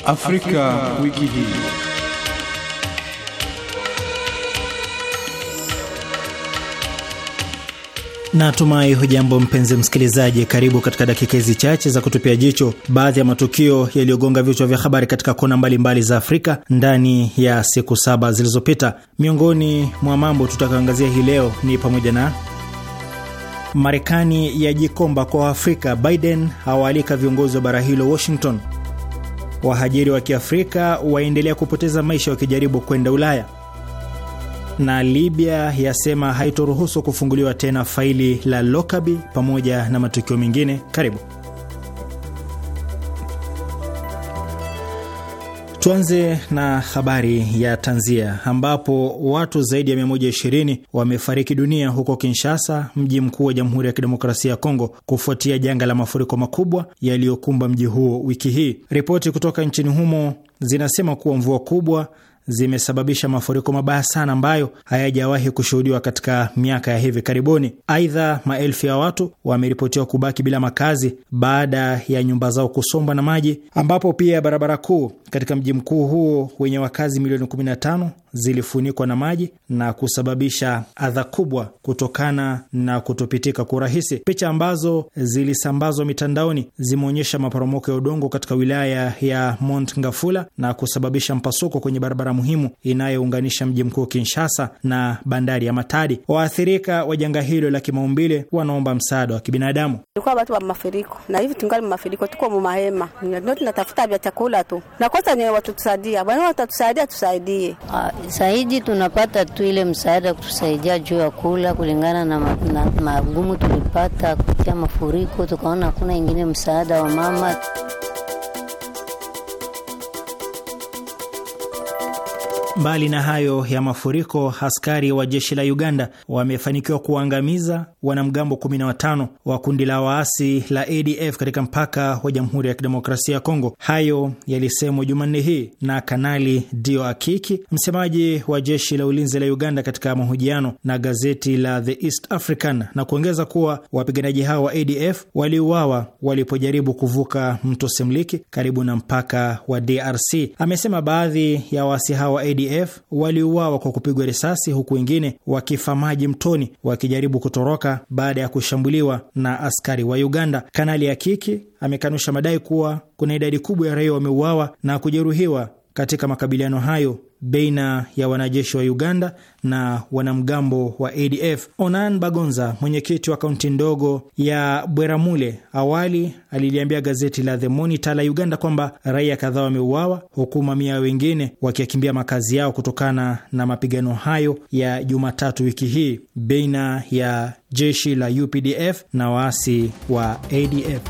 Afrika, Wiki hii. Natumai hujambo mpenzi msikilizaji, karibu katika dakika hizi chache za kutupia jicho baadhi ya matukio yaliyogonga vichwa vya habari katika kona mbalimbali za Afrika ndani ya siku saba zilizopita. Miongoni mwa mambo tutakaangazia hii leo ni pamoja na Marekani yajikomba kwa Afrika, Biden awaalika viongozi wa bara hilo Washington, wahajiri wa Kiafrika waendelea kupoteza maisha wakijaribu kwenda Ulaya, na Libya yasema haitoruhusu kufunguliwa tena faili la Lokabi, pamoja na matukio mengine. Karibu. Tuanze na habari ya tanzia ambapo watu zaidi ya 120 wamefariki dunia huko Kinshasa, mji mkuu wa Jamhuri ya Kidemokrasia ya Kongo, kufuatia janga la mafuriko makubwa yaliyokumba mji huo wiki hii. Ripoti kutoka nchini humo zinasema kuwa mvua kubwa zimesababisha mafuriko mabaya sana ambayo hayajawahi kushuhudiwa katika miaka ya hivi karibuni. Aidha, maelfu ya watu wameripotiwa kubaki bila makazi baada ya nyumba zao kusombwa na maji, ambapo pia barabara kuu katika mji mkuu huo wenye wakazi milioni 15 zilifunikwa na maji na kusababisha adha kubwa kutokana na kutopitika kwa urahisi. Picha ambazo zilisambazwa mitandaoni zimeonyesha maporomoko ya udongo katika wilaya ya Mont Ngafula na kusababisha mpasuko kwenye barabara muhimu inayounganisha mji mkuu Kinshasa na bandari ya Matadi. Waathirika wa janga hilo la kimaumbile wanaomba msaada wa kibinadamu. Tulikuwa watu wa mafuriko na hivi tungali mafuriko, tuko mumahema, ndio tunatafuta vya chakula tu, nakosa watatusaidia, tusaidie ah, Saidi tunapata tu ile msaada kutusaidia juu ya kula kulingana na, na magumu tulipata kupitia mafuriko, tukaona hakuna ingine msaada wa mama Mbali na hayo ya mafuriko, askari wa jeshi la Uganda wamefanikiwa kuwaangamiza wanamgambo 15 wa kundi la waasi la ADF katika mpaka wa Jamhuri ya Kidemokrasia ya Kongo. Hayo yalisemwa Jumanne hii na Kanali Dio Akiki, msemaji wa jeshi la ulinzi la Uganda, katika mahojiano na gazeti la The East African, na kuongeza kuwa wapiganaji hao wa ADF waliuawa walipojaribu kuvuka mto Semliki karibu na mpaka wa DRC. Amesema baadhi ya waasi hao wa ADF ADF waliuawa kwa kupigwa risasi huku wengine wakifa maji mtoni wakijaribu kutoroka baada ya kushambuliwa na askari wa Uganda. Kanali Akiki amekanusha madai kuwa kuna idadi kubwa ya raia wameuawa na kujeruhiwa katika makabiliano hayo baina ya wanajeshi wa Uganda na wanamgambo wa ADF. Onan Bagonza, mwenyekiti wa kaunti ndogo ya Bweramule, awali aliliambia gazeti la The Monitor la Uganda kwamba raia kadhaa wameuawa huku mamia wengine wakiakimbia makazi yao kutokana na mapigano hayo ya Jumatatu wiki hii baina ya jeshi la UPDF na waasi wa ADF.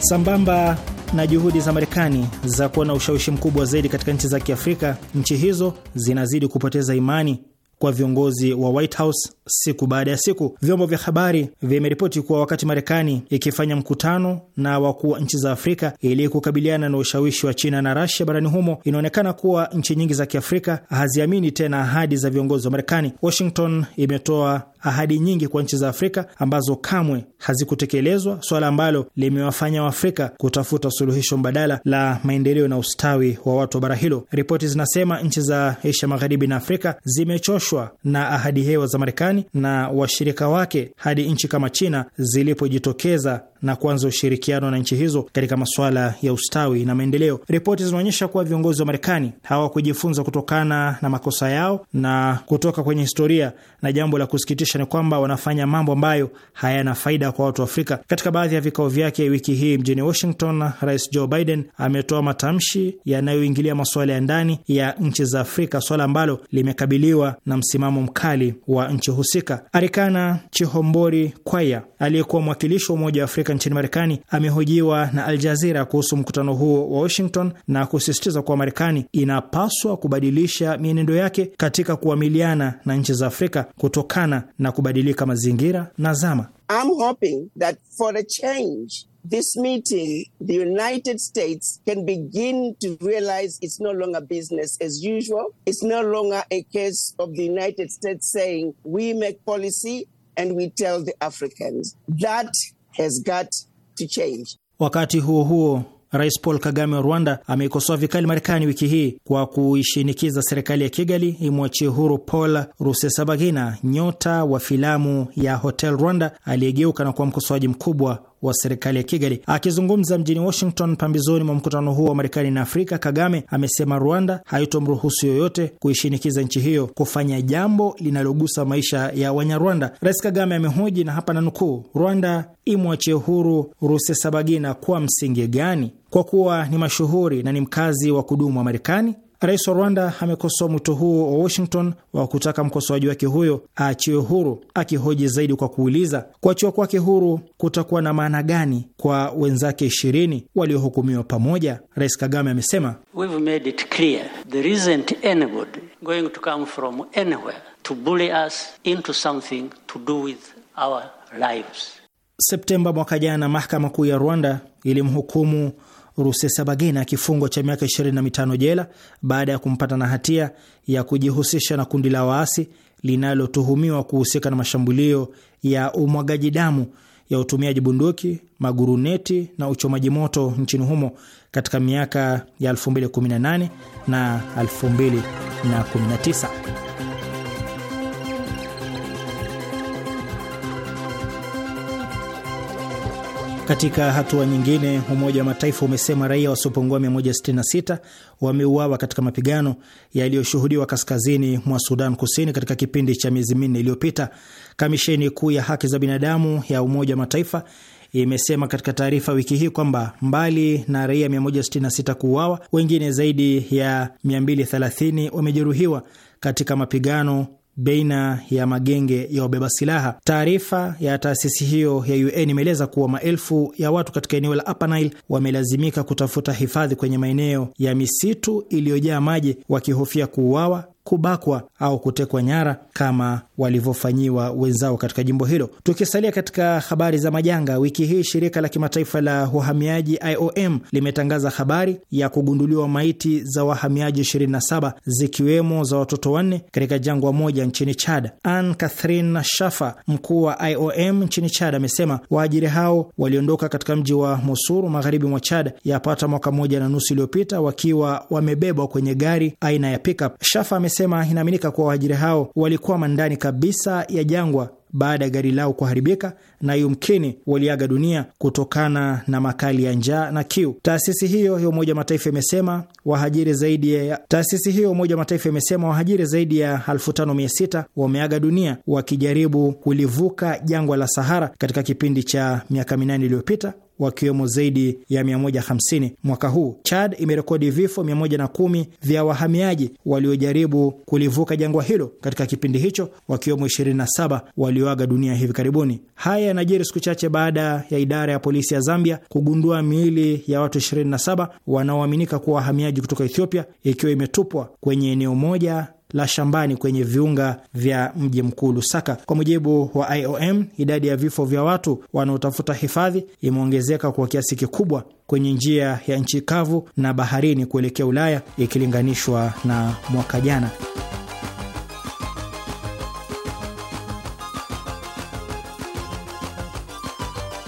Sambamba na juhudi za Marekani za kuwa na ushawishi mkubwa zaidi katika nchi za Kiafrika, nchi hizo zinazidi kupoteza imani kwa viongozi wa White House siku baada ya siku. Vyombo vya habari vimeripoti kuwa wakati Marekani ikifanya mkutano na wakuu wa nchi za Afrika ili kukabiliana na ushawishi wa China na Rasia barani humo, inaonekana kuwa nchi nyingi za Kiafrika haziamini tena ahadi za viongozi wa Marekani. Washington imetoa ahadi nyingi kwa nchi za Afrika ambazo kamwe hazikutekelezwa, swala ambalo limewafanya Waafrika kutafuta suluhisho mbadala la maendeleo na ustawi wa watu wa bara hilo. Ripoti zinasema nchi za Asia Magharibi na Afrika zimechoshwa na ahadi hewa za Marekani na washirika wake hadi nchi kama China zilipojitokeza na kuanza ushirikiano na nchi hizo katika masuala ya ustawi na maendeleo. Ripoti zinaonyesha kuwa viongozi wa Marekani hawakujifunza kutokana na makosa yao na kutoka kwenye historia, na jambo la kusikitisha ni kwamba wanafanya mambo ambayo hayana faida kwa watu wa Afrika. Katika baadhi ya vikao vyake wiki hii mjini Washington, Rais Joe Biden ametoa matamshi yanayoingilia masuala ya ndani ya nchi za Afrika, swala ambalo limekabiliwa na msimamo mkali wa nchi husika. Arikana Chihombori Kwaya aliyekuwa mwakilishi wa Umoja wa Afrika Afrika nchini Marekani amehojiwa na Al kuhusu mkutano huo wa Washington na kusisitiza kuwa Marekani inapaswa kubadilisha mienendo yake katika kuamiliana na nchi za Afrika kutokana na kubadilika mazingira na zama. I'm hoping that for a change this meeting the United States can begin to realize it's no longer business as usual. It's no longer a case of the United States saying we make policy and we tell the Africans. That has got to change. Wakati huo huo Rais Paul Kagame wa Rwanda ameikosoa vikali Marekani wiki hii kwa kuishinikiza serikali ya Kigali imwachie huru Paul Rusesabagina, nyota wa filamu ya Hotel Rwanda aliyegeuka na kuwa mkosoaji mkubwa wa serikali ya Kigali. Akizungumza mjini Washington pambizoni mwa mkutano huo wa Marekani na Afrika, Kagame amesema Rwanda haitomruhusu yoyote kuishinikiza nchi hiyo kufanya jambo linalogusa maisha ya Wanyarwanda. Rais Kagame amehoji na hapa na nukuu, Rwanda imwachie huru Rusesabagina kwa msingi gani? Kwa kuwa ni mashuhuri na ni mkazi wa kudumu wa Marekani Rais wa Rwanda amekosoa mwito huo wa Washington wa kutaka mkosoaji wake huyo aachiwe huru, akihoji zaidi kwa kuuliza kuachiwa kwake huru kutakuwa na maana gani kwa wenzake ishirini waliohukumiwa pamoja. Rais Kagame amesema Septemba mwaka jana, mahakama kuu ya Rwanda ilimhukumu Rusesabagina kifungo cha miaka 25 jela baada ya kumpata na hatia ya kujihusisha na kundi la waasi linalotuhumiwa kuhusika na mashambulio ya umwagaji damu ya utumiaji bunduki, maguruneti na uchomaji moto nchini humo katika miaka ya 2018 na 2019. Katika hatua nyingine, Umoja wa Mataifa umesema raia wasiopungua 166 wameuawa katika mapigano yaliyoshuhudiwa kaskazini mwa Sudan Kusini katika kipindi cha miezi minne iliyopita. Kamisheni kuu ya haki za binadamu ya Umoja wa Mataifa imesema katika taarifa wiki hii kwamba mbali na raia 166 kuuawa, wengine zaidi ya 230 wamejeruhiwa katika mapigano baina ya magenge ya wabeba silaha. Taarifa ya taasisi hiyo ya UN imeeleza kuwa maelfu ya watu katika eneo la Upper Nile wamelazimika kutafuta hifadhi kwenye maeneo ya misitu iliyojaa maji wakihofia kuuawa kubakwa au kutekwa nyara kama walivyofanyiwa wenzao katika jimbo hilo. Tukisalia katika habari za majanga, wiki hii shirika la kimataifa la uhamiaji IOM limetangaza habari ya kugunduliwa maiti za wahamiaji 27 zikiwemo za watoto wanne katika jangwa moja nchini Chad. Ann Catherine Shafa, mkuu wa IOM nchini Chad, amesema waajiri hao waliondoka katika mji wa Mosuru magharibi mwa Chad yapata mwaka moja na nusu iliyopita wakiwa wamebebwa kwenye gari aina ya pickup. Shafa anasema inaaminika kuwa wahajiri hao walikuwa mandani kabisa ya jangwa baada ya gari lao kuharibika na yumkini waliaga dunia kutokana na makali ya njaa na kiu. Taasisi hiyo ya Umoja Mataifa imesema wahajiri zaidi ya taasisi hiyo Umoja Mataifa imesema wahajiri zaidi ya 5600 wameaga dunia wakijaribu kulivuka jangwa la Sahara katika kipindi cha miaka minane iliyopita wakiwemo zaidi ya 150 mwaka huu. Chad imerekodi vifo 110 vya wahamiaji waliojaribu kulivuka jangwa hilo katika kipindi hicho, wakiwemo 27 walio walioaga dunia hivi karibuni. Haya yanajiri siku chache baada ya idara ya polisi ya Zambia kugundua miili ya watu 27 wanaoaminika kuwa wahamiaji kutoka Ethiopia ikiwa imetupwa kwenye eneo moja la shambani kwenye viunga vya mji mkuu Lusaka. Kwa mujibu wa IOM, idadi ya vifo vya watu wanaotafuta hifadhi imeongezeka kwa kiasi kikubwa kwenye njia ya nchi kavu na baharini kuelekea Ulaya ikilinganishwa na mwaka jana.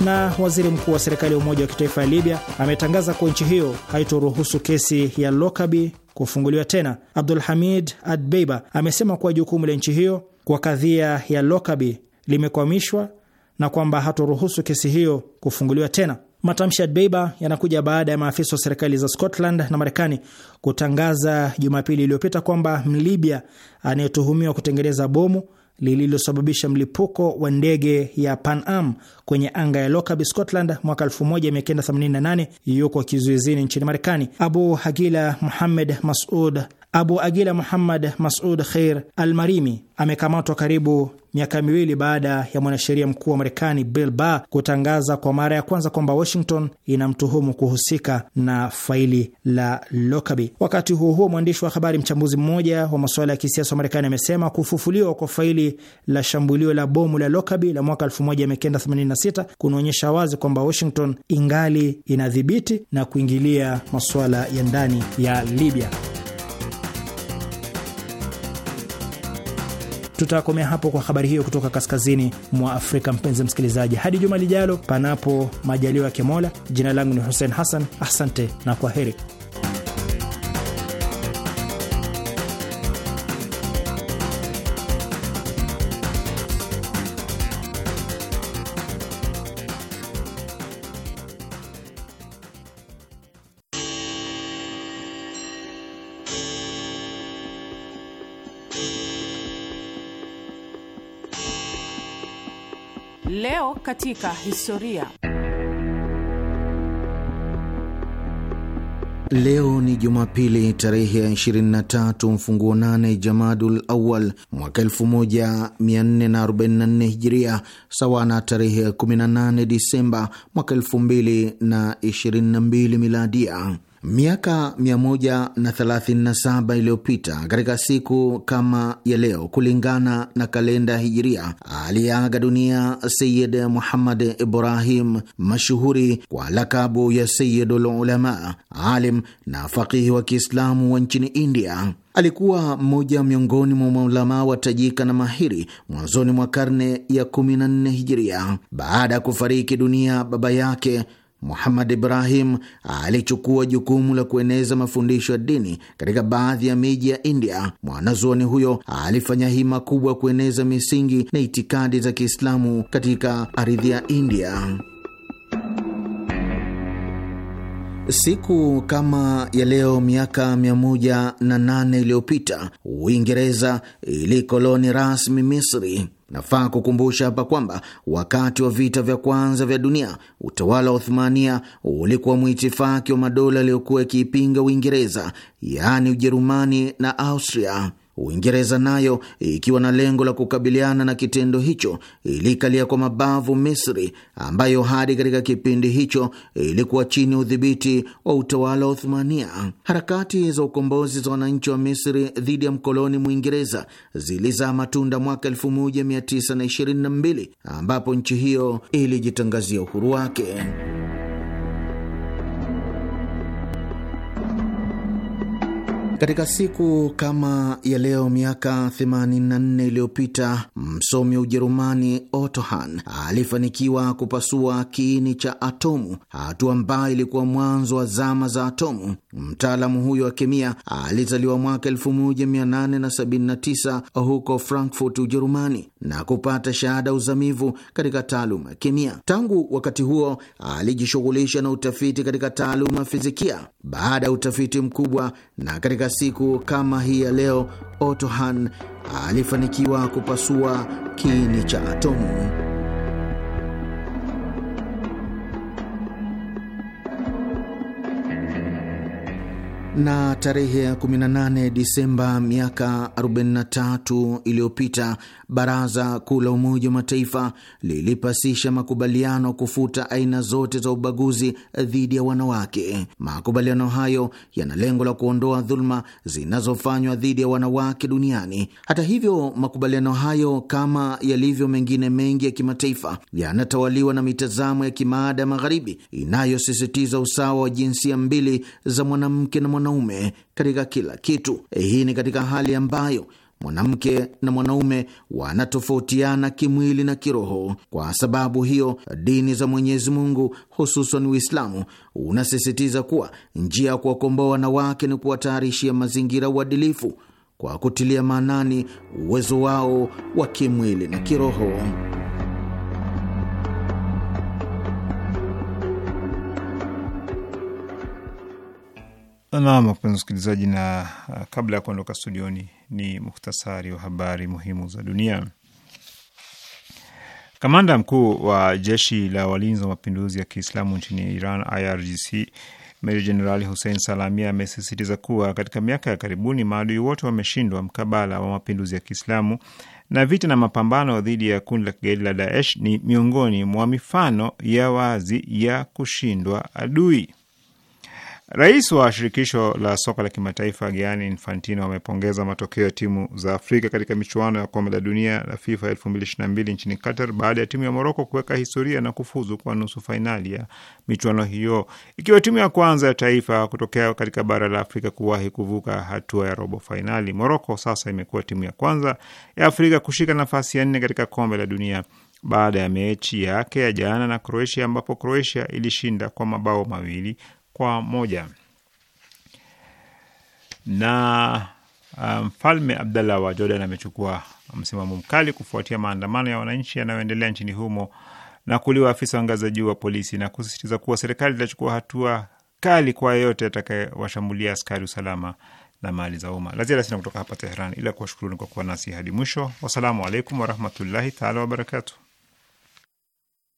Na waziri mkuu wa serikali ya umoja wa kitaifa ya Libya ametangaza kuwa nchi hiyo haitoruhusu kesi ya Lokabi kufunguliwa tena. Abdul Hamid Adbeiba amesema kuwa jukumu la nchi hiyo kwa kadhia ya Lokabi limekwamishwa na kwamba hatoruhusu kesi hiyo kufunguliwa tena. Matamshi ya Dbeiba yanakuja baada ya maafisa wa serikali za Scotland na Marekani kutangaza Jumapili iliyopita kwamba Mlibya anayetuhumiwa kutengeneza bomu lililosababisha mlipuko wa ndege ya Pan Am kwenye anga ya Lockerbie, Scotland mwaka 1988 yuko kizuizini nchini Marekani. Abu Hagila Muhammed Masud Abu Agila Muhammad Masud Khair Almarimi amekamatwa karibu miaka miwili baada ya mwanasheria mkuu wa Marekani Bill Barr kutangaza kwa mara ya kwanza kwamba Washington inamtuhumu kuhusika na faili la Lockerbie. Wakati huo huo, mwandishi wa habari mchambuzi mmoja wa masuala ya kisiasa wa Marekani amesema kufufuliwa kwa faili la shambulio la bomu la Lockerbie la mwaka 1986 kunaonyesha wazi kwamba Washington ingali inadhibiti na kuingilia masuala ya ndani ya Libya. Tutakomea hapo kwa habari hiyo kutoka kaskazini mwa Afrika. Mpenzi msikilizaji, hadi juma lijalo, panapo majaliwa ya kemola Jina langu ni Hussein Hassan, asante na kwa heri. katika historia. Leo ni Jumapili tarehe ya 23 mfunguo nane Jamadul Awal mwaka 1444 Hijiria, sawa na tarehe 18 Disemba mwaka 2022 Miladia. Miaka 137 iliyopita katika siku kama ya leo, kulingana na kalenda Hijiria, aliyeaga dunia Sayid Muhammad Ibrahim, mashuhuri kwa lakabu ya Sayidul Ulama, alim na faqihi wa Kiislamu wa nchini India. Alikuwa mmoja miongoni mwa maulamaa wa tajika na mahiri mwanzoni mwa karne ya 14 Hijiria. Baada ya kufariki dunia baba yake Muhammad Ibrahim alichukua jukumu la kueneza mafundisho ya dini katika baadhi ya miji ya India. Mwanazuoni huyo alifanya hima kubwa kueneza misingi na itikadi za Kiislamu katika ardhi ya India. Siku kama ya leo miaka 18 iliyopita Uingereza ilikoloni rasmi Misri. Nafaa kukumbusha hapa kwamba wakati wa vita vya kwanza vya dunia utawala wa Uthmania ulikuwa mwitifaki wa madola yaliyokuwa yakiipinga Uingereza, yaani Ujerumani na Austria. Uingereza nayo ikiwa na lengo la kukabiliana na kitendo hicho ilikalia kwa mabavu Misri ambayo hadi katika kipindi hicho ilikuwa chini ya udhibiti wa utawala wa Uthmania. Harakati za ukombozi za wananchi wa Misri dhidi ya mkoloni Mwingereza zilizaa matunda mwaka 1922 ambapo nchi hiyo ilijitangazia uhuru wake. Katika siku kama ya leo miaka 84 iliyopita msomi wa Ujerumani Otto Hahn alifanikiwa kupasua kiini cha atomu, hatua ambayo ilikuwa mwanzo wa zama za atomu. Mtaalamu huyo wa kemia alizaliwa mwaka 1879 huko Frankfurt, Ujerumani, na kupata shahada uzamivu katika taaluma ya kemia. Tangu wakati huo alijishughulisha na utafiti katika taaluma fizikia. Baada ya utafiti mkubwa na katika siku kama hii ya leo Otohan alifanikiwa kupasua kiini cha atomu. Na tarehe ya 18 Disemba miaka 43 iliyopita Baraza Kuu la Umoja wa Mataifa lilipasisha makubaliano kufuta aina zote za ubaguzi dhidi ya wanawake. Makubaliano hayo yana lengo la kuondoa dhuluma zinazofanywa dhidi ya wanawake duniani. Hata hivyo, makubaliano hayo kama yalivyo mengine mengi ya kimataifa yanatawaliwa na mitazamo ya kimaada ya Magharibi inayosisitiza usawa wa jinsia mbili za mwanamke na mwanaume katika kila kitu. Hii ni katika hali ambayo Mwanamke na mwanaume wanatofautiana kimwili na kiroho. Kwa sababu hiyo, dini za Mwenyezi Mungu, hususan Uislamu, unasisitiza kuwa njia ya kuwakomboa wanawake ni kuwatayarishia mazingira uadilifu kwa kutilia maanani uwezo wao wa kimwili na kiroho. Naam, wapenzi msikilizaji, na uh, kabla ya kuondoka studioni ni muhtasari wa habari muhimu za dunia. Kamanda mkuu wa jeshi la walinzi wa mapinduzi ya Kiislamu nchini Iran, IRGC, Meja Jenerali Hussein Salami amesisitiza kuwa katika miaka ya karibuni maadui wote wameshindwa mkabala wa mapinduzi ya Kiislamu na vita na mapambano dhidi ya kundi la kigaidi la Daesh ni miongoni mwa mifano ya wazi ya kushindwa adui. Rais wa shirikisho la soka la kimataifa Gianni Infantino amepongeza matokeo ya timu za Afrika katika michuano ya kombe la dunia la FIFA 2022 nchini Qatar baada ya timu ya Moroko kuweka historia na kufuzu kwa nusu fainali ya michuano hiyo, ikiwa timu ya kwanza ya taifa kutokea katika bara la Afrika kuwahi kuvuka hatua ya robo fainali. Moroko sasa imekuwa timu ya kwanza ya Afrika kushika nafasi ya nne katika kombe la dunia baada ya mechi yake ya jana na Croatia ambapo Croatia ilishinda kwa mabao mawili kwa moja na uh, mfalme um, Abdallah wa Jordan amechukua msimamo mkali kufuatia maandamano ya wananchi yanayoendelea nchini humo na kuliwa afisa wa ngazi za juu wa polisi na kusisitiza kuwa serikali itachukua hatua kali kwa yeyote atakayewashambulia askari usalama na mali za umma. La ziada sina kutoka hapa teheran ila kuwashukuruni kwa kuwa nasi hadi mwisho. Wassalamu alaikum warahmatullahi taala wabarakatuh